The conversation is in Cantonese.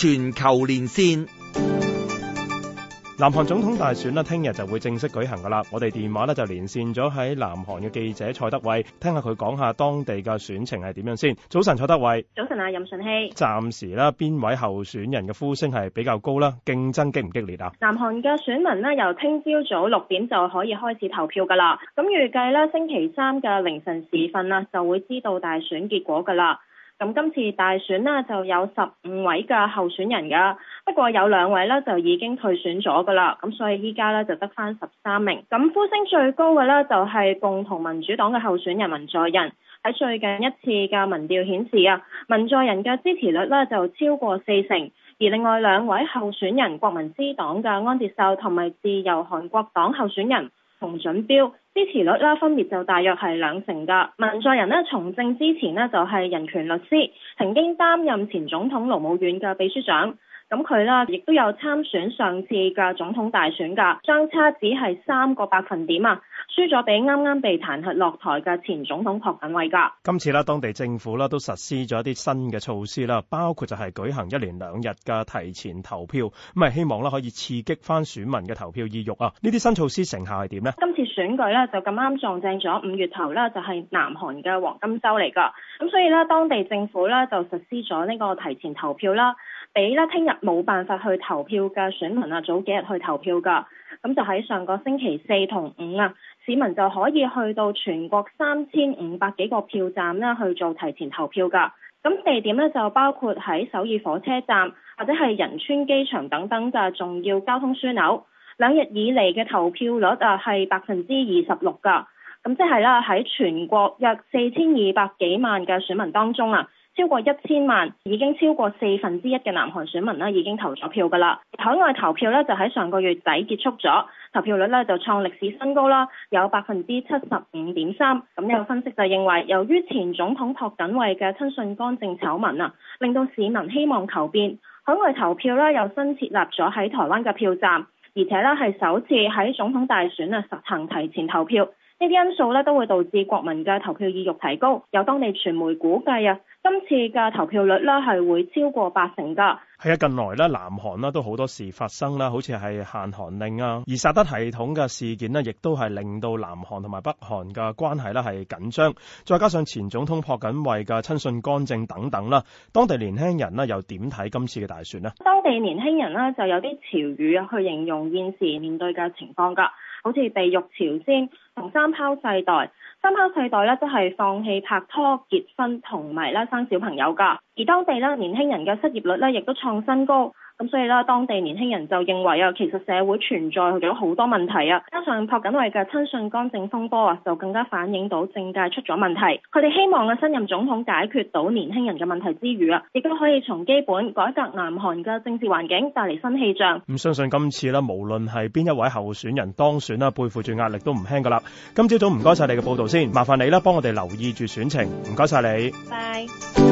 全球連線，南韓總統大選咧、啊，聽日就會正式舉行噶啦。我哋電話咧就連線咗喺南韓嘅記者蔡德蕙，聽下佢講下當地嘅選情係點樣先。早晨，蔡德蕙。早晨啊，任順熙。暫時啦，邊位候選人嘅呼聲係比較高啦？競爭激唔激烈啊？南韓嘅選民咧，由聽朝早六點就可以開始投票噶啦。咁預計咧，星期三嘅凌晨時分啊，就會知道大選結果噶啦。咁今次大選呢，就有十五位嘅候選人噶，不過有兩位呢，就已經退選咗噶啦，咁所以依家呢，就得返十三名。咁呼聲最高嘅呢，就係共同民主黨嘅候選人文在寅。喺最近一次嘅民調顯示啊，文在寅嘅支持率呢，就超過四成，而另外兩位候選人國民之黨嘅安哲秀同埋自由韓國黨候選人。同準標支持率分別就大約係兩成㗎。文在寅從政之前就係人權律師，曾經擔任前總統盧武鉉嘅秘書長。咁佢啦亦都有參選。上次嘅總統大選，噶相差只係三個百分點啊，輸咗俾啱啱被彈劾落台嘅前總統朴槿惠噶。今次咧，當地政府咧都實施咗一啲新嘅措施啦，包括就係舉行一連兩日嘅提前投票，咁咪希望咧可以刺激翻選民嘅投票意欲啊。呢啲新措施成效係點呢？今次選舉咧就咁啱撞正咗五月頭啦，就係南韓嘅黃金周嚟噶。咁所以咧當地政府咧就實施咗呢個提前投票啦，俾啦聽日。冇辦法去投票嘅選民啊，早幾日去投票噶，咁就喺上個星期四同五啊，市民就可以去到全國三千五百幾個票站呢去做提前投票噶。咁地點咧就包括喺首爾火車站或者係仁川機場等等嘅重要交通樞紐。兩日以嚟嘅投票率啊係百分之二十六噶，咁即係啦喺全國約四千二百幾萬嘅選民當中啊。超過一千萬，已經超過四分之一嘅南韓選民啦，已經投咗票㗎啦。海外投票咧就喺上個月底結束咗，投票率咧就創歷史新高啦，有百分之七十五點三。咁有分析就認為，由於前總統朴槿惠嘅親信干政醜聞啊，令到市民希望求變。海外投票咧又新設立咗喺台灣嘅票站，而且呢係首次喺總統大選啊實行提前投票。呢啲因素咧都會導致國民嘅投票意欲提高。有當地傳媒估計啊。今次嘅投票率咧係會超過八成噶。係啊，近來咧，南韓咧都好多事發生啦，好似係限韓令啊，而薩德系統嘅事件呢，亦都係令到南韓同埋北韓嘅關係呢，係緊張。再加上前總統朴槿惠嘅親信干政等等啦，當地年輕人咧又點睇今次嘅大選呢？當地年輕人咧就有啲潮語去形容現時面對嘅情況噶。好似地獄朝鮮，同三拋世代，三拋世代咧都係放棄拍拖、結婚、同埋咧生小朋友㗎，而當地咧年輕人嘅失業率咧亦都創新高。咁所以啦，當地年輕人就認為啊，其實社會存在咗好多問題啊。加上朴槿惠嘅親信干政風波啊，就更加反映到政界出咗問題。佢哋希望嘅新任總統解決到年輕人嘅問題之餘啊，亦都可以從基本改革南韓嘅政治環境，帶嚟新氣象。咁、嗯、相信今次啦，無論係邊一位候選人當選啦，背負住壓力都唔輕噶啦。今朝早唔該晒你嘅報道先，麻煩你啦，幫我哋留意住選情，唔該晒你。bye